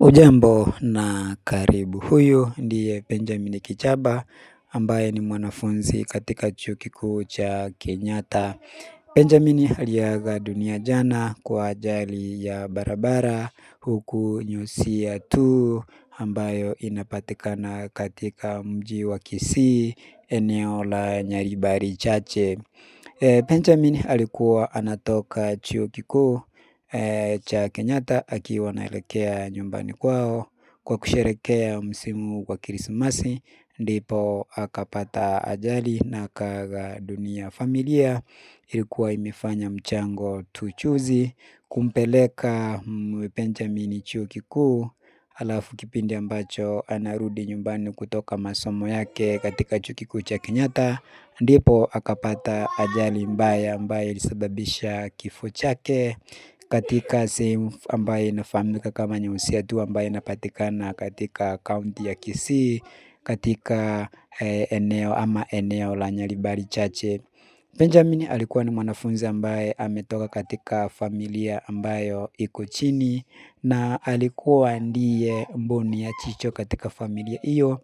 ujambo na karibu. Huyu ndiye Benjamin Kichaba ambaye ni mwanafunzi katika chuo kikuu cha Kenyatta. Benjamin aliaga dunia jana kwa ajali ya barabara huku nyusia tu ambayo inapatikana katika mji wa Kisii eneo la Nyaribari chache. Eh, Benjamin alikuwa anatoka chuo kikuu Eh, cha Kenyatta akiwa anaelekea nyumbani kwao kwa kusherekea msimu wa krismasi ndipo akapata ajali na akaaga dunia. Familia ilikuwa imefanya mchango tuchuzi kumpeleka Benjamin chuo kikuu alafu kipindi ambacho anarudi nyumbani kutoka masomo yake katika chuo kikuu cha Kenyatta ndipo akapata ajali mbaya ambayo ilisababisha kifo chake katika sehemu ambayo inafahamika kama Nyusia tu ambayo inapatikana katika kaunti ya Kisii katika eh, eneo ama eneo la Nyaribari chache. Benjamin alikuwa ni mwanafunzi ambaye ametoka katika familia ambayo iko chini na alikuwa ndiye mboni ya chicho katika familia hiyo.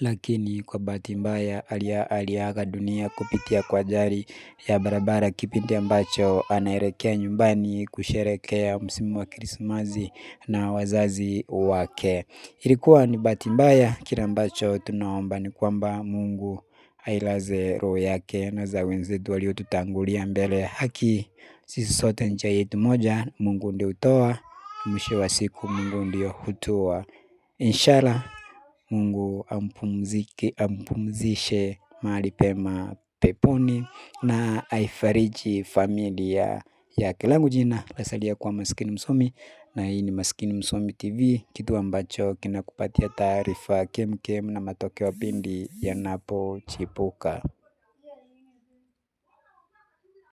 Lakini kwa bahati mbaya aliaga dunia kupitia kwa ajali ya barabara kipindi ambacho anaelekea nyumbani kusherekea msimu wa krismasi na wazazi wake. Ilikuwa ni bahati mbaya kile ambacho tunaomba ni kwamba Mungu ailaze roho yake na za wenzetu waliotutangulia mbele ya haki. Sisi sote njia yetu moja, Mungu ndio hutoa, mwisho wa siku Mungu ndio hutoa. Inshallah. Mungu ampumzishe mahali pema peponi na aifariji familia yake langu jina lasalia kuwa Maskini Msomi na hii ni Maskini Msomi TV kitu ambacho kinakupatia taarifa kemkem na matokeo pindi yanapochipuka.